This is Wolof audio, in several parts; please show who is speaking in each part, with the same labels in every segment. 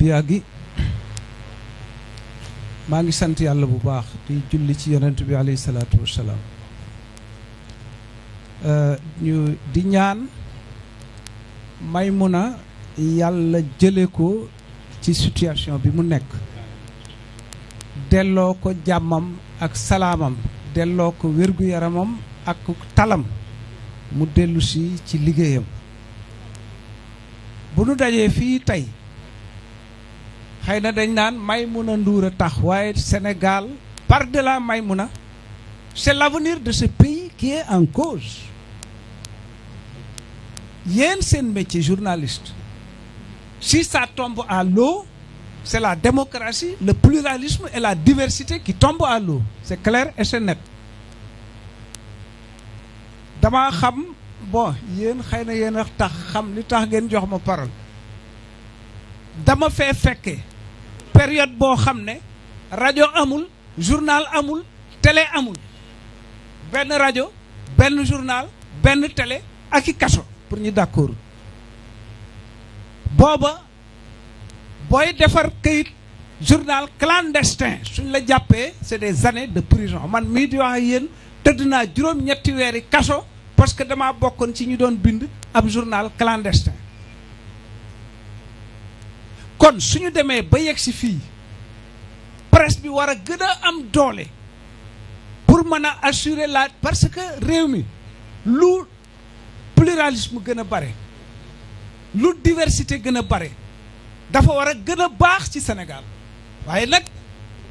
Speaker 1: biyaa gi maa ngi sant yàlla bu baax di julli ci yonent bi alayhi salaatu wassalaam euh, di ñaan may Maymuna yàlla jële ko ci situation bi mu nekk delloo ko jàmmam ak salaamam delloo ko wér-gu-yaramam ak talam mu dellusi ci liggéeyam bu nu dajee fii tey xay na dañ naan Maïmouna Ndour a tax waaye Sénégal par de la may delà Maïmouna c'est l'avenir de ce pays qui est en cause yéen seen métier journaliste si ça tombe à l'eau c'est la démocratie le pluralisme et la diversité qui tombent à lo c'est clair et c'est net damaa xam bon yéen xëy na yéen a tax xam li tax ngeen jox ma parole dama fee fekke période boo xam ne rajo amul journal amul télé amul benn rajo benn journal benn télé ak i kaso pour ñu d'accord booba booy defar këyit journal clandestin suñ la jàppee c'est des années de prison man mii wax yéen tëdd naa juróom-ñetti weeri kaso parce que dama bokkoon ci ñu doon bind ab journal clandestin kon suñu demee ba yegg si fii presse bi war a gën a am doole pour mën a assurer la parce que réew mi lu pluralisme gën a bare lu diversité gën a bare dafa war a gën a baax ci Sénégal waaye nag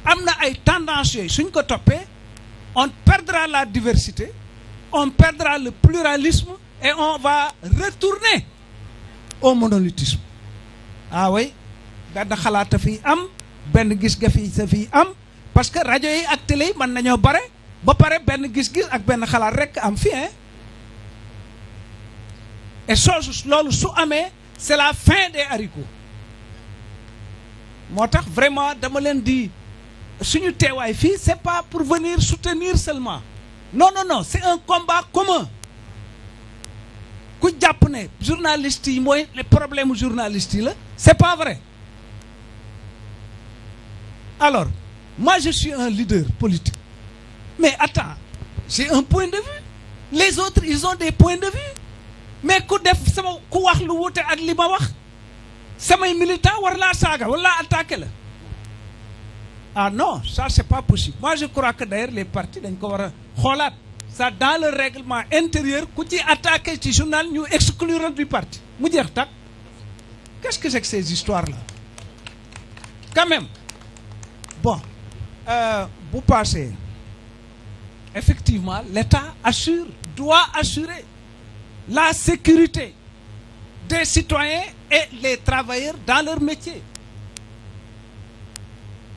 Speaker 1: am na ay tendance yooyu suñ ko toppee on perdra la diversité on perdra le pluralisme et on va retourner au monolithisme ah benn xalaat a fiy am benn gis ga fi sa fiy am parce que rajo yi ak télé yi mën nañoo bare ba pare benn gis-gis ak benn xalaat rekk am fi hein et soosu loolu su amee c'est la fin des haricots moo tax vraiment dama leen di suñu teewaay fii c'est pas pour venir soutenir seulement non non non c'est un combat commun ku jàpp ne journaliste yi mooy les problèmes journalistes yi la c'est pas vrai Alors, moi je suis un leader politique. Mais attends, j'ai un point de vue. Les autres, ils ont des points de vue. mais ku def sama ku wax lu wuute ak li ma wax samay militant war la saaga war laa attaqué la ah non ça c'est pas possible moi je crois que d'ailleurs les partis dañ ko war a xoolaat ça dans le règlement intérieur ku ci attaqué ci journal ñu exclure du parti mu jeex takk qu'est-ce que c'est que ces histoires là quand même bon euh, bu paasee effectivement l'État assure doit assurer la sécurité des citoyens et les travailleurs dans leur métier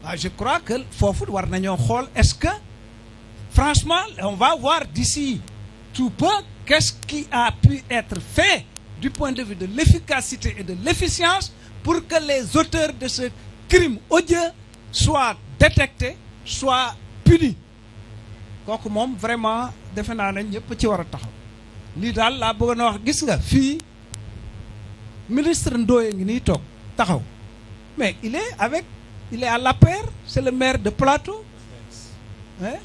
Speaker 1: waaw ah, je crois que foofu war nañoo xool est-ce que franchement on va voir d'ici tout peu qu'est-ce qui a pu être fait du point de vue de l'efficacité et de l'efficience pour que les auteurs de ce crime odieux soit détecté soit puni kooku moom vraiment defe naa nañ ñëpp ci war a taxaw lii daal la bëggoon a wax gis nga fii ministre Ndoye ngi nii toog taxaw mais il est avec il est à l'APR c'est le maire de Plateau hein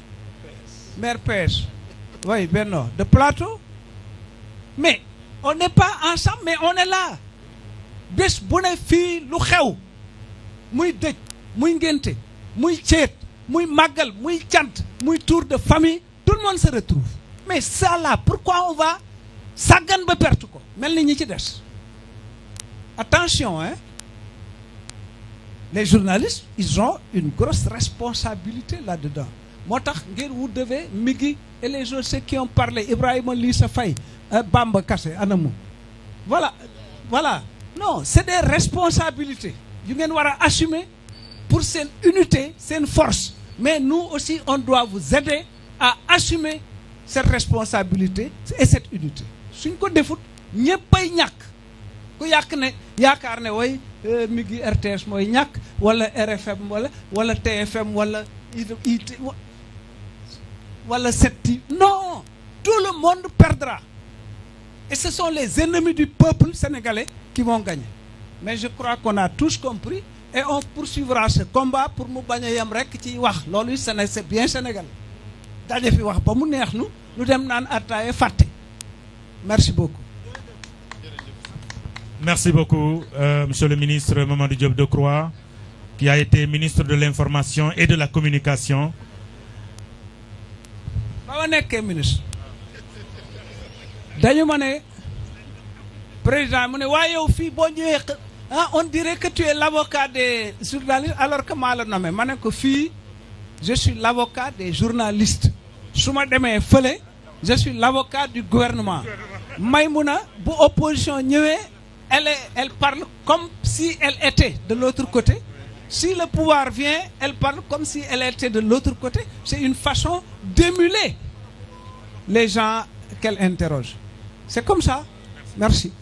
Speaker 1: maire PS oui Benno de Plateau mais on n'est pas ensemble mais on est là bés bu ne fii lu xew muy dëj muy ngénte muy ceet muy màggal muy cant muy tour de famille tout le monde se retrouve mais ça là pourquoi on va sàggan ba perte ko mel ni ñi ci des attention hein les journalistes ils ont une grosse responsabilité là-dedans moo tax ngeen vous devez Migui et les autres ceux qui ont parlé Ibrahima Lissa Faye euh, Bamba Kassé anamu voilà voilà non c'est des responsabilité yu ngeen war a assumé pour seen unité seen force mais nou aussi on doit vous aider à assumer cette responsabilité et cette unité suñ ko defut ñëppay ñàkk ku yàq ne yaakaar ne woy euh, mi ngi RTS mooy ñàkk wala RFM wala wala TFM wala IT wala 7TV non tout le monde perdra et ce sont les ennemis du peuple sénégalais qui vont gagner mais je crois qu'on a tous compris et on poursuivra ce combat pour mu bañ a yem rek ci wax loolu Séné c'est bien wax ba mu neex nu lu dem naan attaaye fàtte merci beaucoup. merci beaucoup euh, monsieur le ministre Mamadou Diop Decroix qui ministre de l'information et de la communication. ba nekkee ministre dañu ma ne président mu ne waaye yow fii boo ñëwee. ah on dire que tu es l'avocat des journalistes alors que maa la nommé ma ne ko fii je suis l'avocat des journalistes su ma demee fële je suis l'avocat du gouvernement may mu na ñëwee elle est, elle parle comme si elle était de l'autre côté si le pouvoir vient elle parle comme si elle était de l'autre côté c'est une façon d'émuler les gens qu'elle interroge c'est comme ça merci